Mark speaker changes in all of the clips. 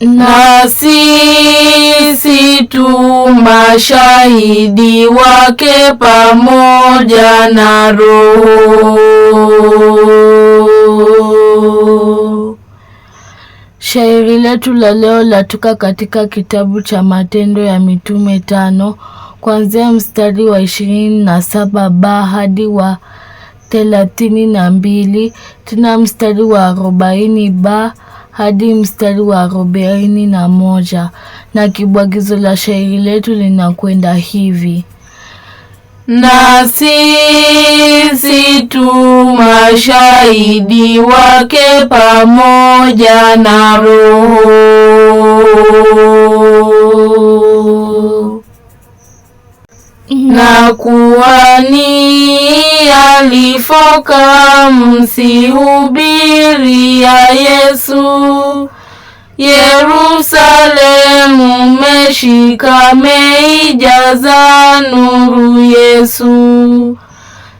Speaker 1: na sisi tu mashahidi wake pamoja na Roho. Shairi letu la leo latoka katika kitabu cha Matendo ya Mitume tano kuanzia mstari wa ishirini na saba ba hadi wa thelathini na mbili tena mstari wa arobaini ba hadi mstari wa arobaini na moja na kibwagizo la shairi letu linakwenda hivi: na sisi tu mashahidi wake pamoja na Roho na kuwani alifoka, ya Yesu. Yerusalemu meshika, meijaza nuru Yesu.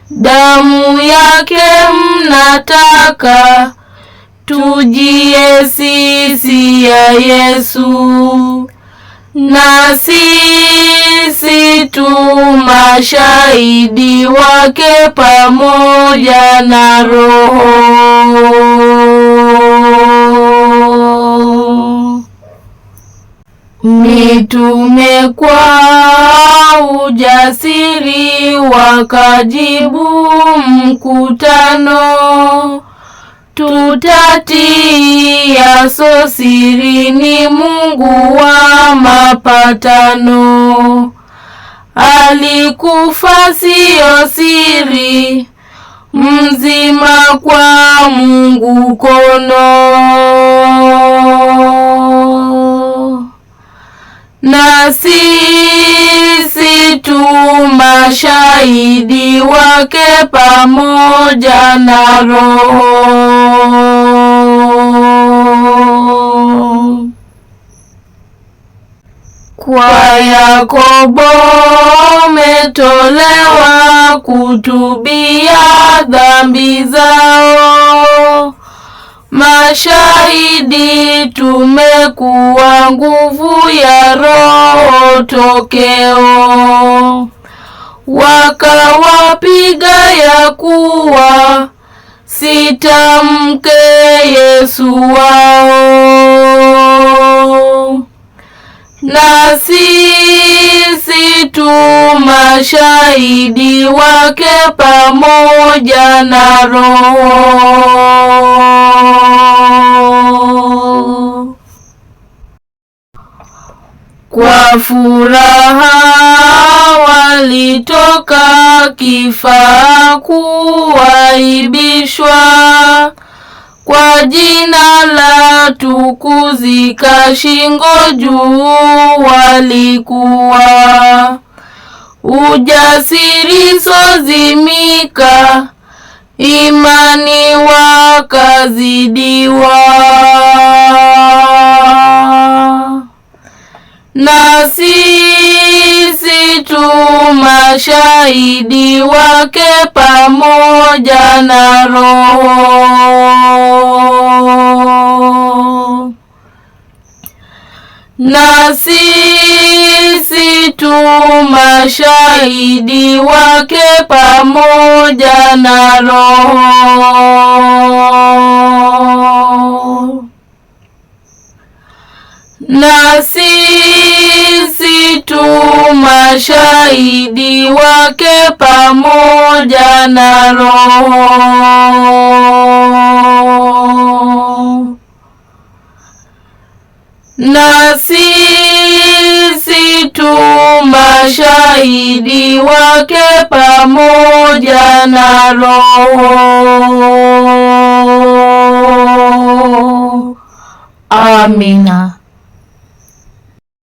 Speaker 1: Damu yake mnataka, tujie sisi ya Yesu na sisi tu mashahidi wake pamoja na Roho. Mitume kwa ujasiri wakajibu mkutano so siri ni Mungu wa mapatano. Alikufa siyo siri, mzima kwa Mungu kono nasi ushahidi wake pamoja na Roho. Kwa Yakobo umetolewa kutubia dhambi zao, mashahidi tumekuwa nguvu ya Roho tokeo wakawapiga ya kuwa sitamke Yesu wao, na sisi tu mashahidi wake pamoja na Roho Kwa furaha walitoka, kifaa kuwaibishwa. Kwa jina la tukuzika, shingo juu walikuwa. Ujasiri sozimika, imani wakazidiwa na sisi tu mashahidi wake pamoja na Roho. Na sisi tu mashahidi wake pamoja na Roho na sisi tu mashahidi wake pamoja na Roho. Na sisi tu mashahidi wake pamoja na Roho. Amina.